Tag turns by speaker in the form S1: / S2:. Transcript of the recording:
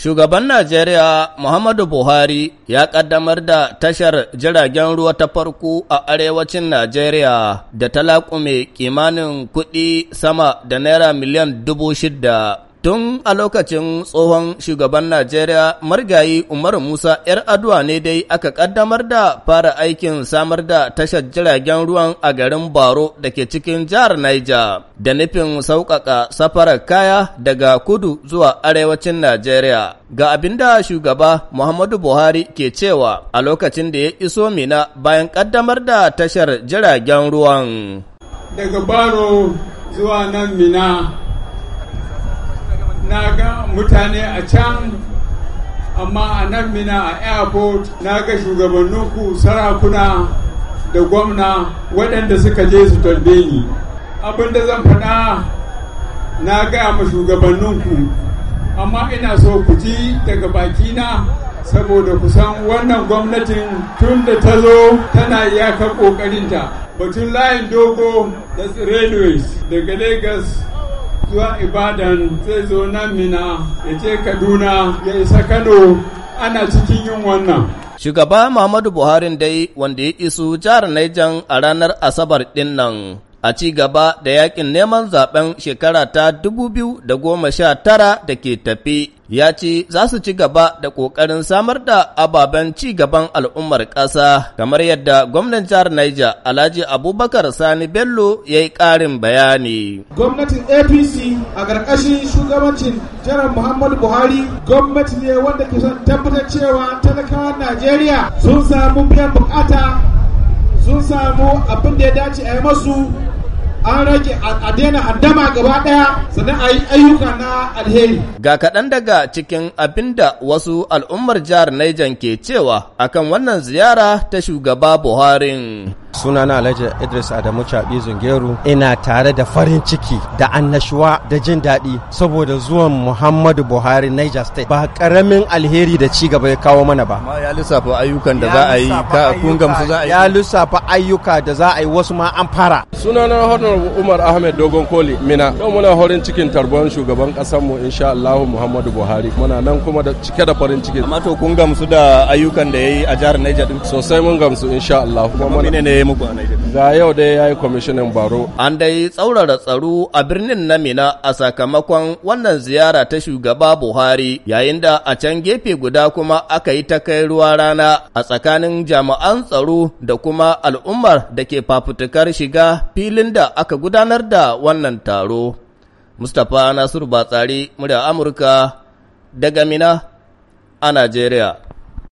S1: Shugaban Najeriya Muhammadu Buhari ya ƙaddamar da tashar jiragen ruwa ta farko a arewacin Najeriya da ta laƙume kimanin kuɗi sama da naira miliyan dubu shidda. Tun a lokacin tsohon shugaban Najeriya margayi Umar Musa ‘yar aduwa ne dai aka ƙaddamar da fara aikin samar da tashar jiragen ruwan a garin Baro da ke cikin jihar Niger da nufin sauƙaƙa safarar kaya daga kudu zuwa arewacin Najeriya. Ga abin da shugaba Muhammadu Buhari ke cewa a lokacin da ya iso Mina bayan ƙaddamar da tashar jiragen ruwan.
S2: Daga Baro zuwa nan Mina na ga mutane a can amma a nan mina a airport na ga shugabanninku sarakuna da gwamna waɗanda suka je su tarbe ni abinda zan faɗa na gaya ma shugabannin ku amma ina so ku ji daga bakina saboda kusan wannan gwamnatin tun da ta zo tana iyakar ƙoƙarinta batun layin dogo da railways daga lagos zuwa ibadan zai zo nan mina ya je
S1: kaduna ya isa kano ana cikin yin wannan shugaba muhammadu buhari dai wanda ya isu jihar Naijan a ranar asabar din nan a ci gaba da yakin neman zaben shekara ta 2019 da ke tafi ya ce za su ci gaba da ƙoƙarin samar da ababen ci gaban al'ummar ƙasa kamar yadda gwamnan jihar Niger Alhaji Abubakar Sani Bello ya yi ƙarin bayani.
S2: Gwamnatin APC a ƙarƙashin shugabancin jihar Muhammadu Buhari gwamnati ne wanda ke son tabbatar cewa talakawan Najeriya sun samu biyan bukata sun samu abin da ya dace a yi masu an rage a daina addama gaba daya
S1: sannan a yi ayyuka na alheri. Ga kaɗan daga cikin abin da wasu al'ummar jihar Niger ke cewa akan wannan ziyara ta shugaba Buhari.
S3: sunana alhaji idris adamu caɓi zungeru ina tare da farin ciki da annashuwa da jin daɗi saboda zuwan muhammadu buhari niger state ba karamin alheri da ci gaba ya kawo mana ba
S1: ya lissafa ayyukan da za a yi kun gamsu za a yi ya
S3: lissafa ayyuka da za a yi wasu ma an fara sunana honorable umar ahmed dogon koli mina yau muna horin cikin tarbon shugaban ƙasar mu insha allahu muhammadu buhari muna nan kuma da cike da farin ciki amma to kun gamsu da ayyukan da ya yi a jihar niger sosai mun gamsu insha allahu kuma ne ya muku a Nigeria. Ga yau dai ya yi kwamishinan baro.
S1: An dai tsaurara tsaro a birnin na Mina a sakamakon wannan ziyara ta shugaba Buhari yayin da a can gefe guda kuma aka yi ta kai ruwa rana a tsakanin jami'an tsaro da kuma al'ummar da ke fafutukar shiga filin da aka gudanar da wannan taro. Mustapha Nasiru Batsari, murya Amurka, daga Mina a Najeriya.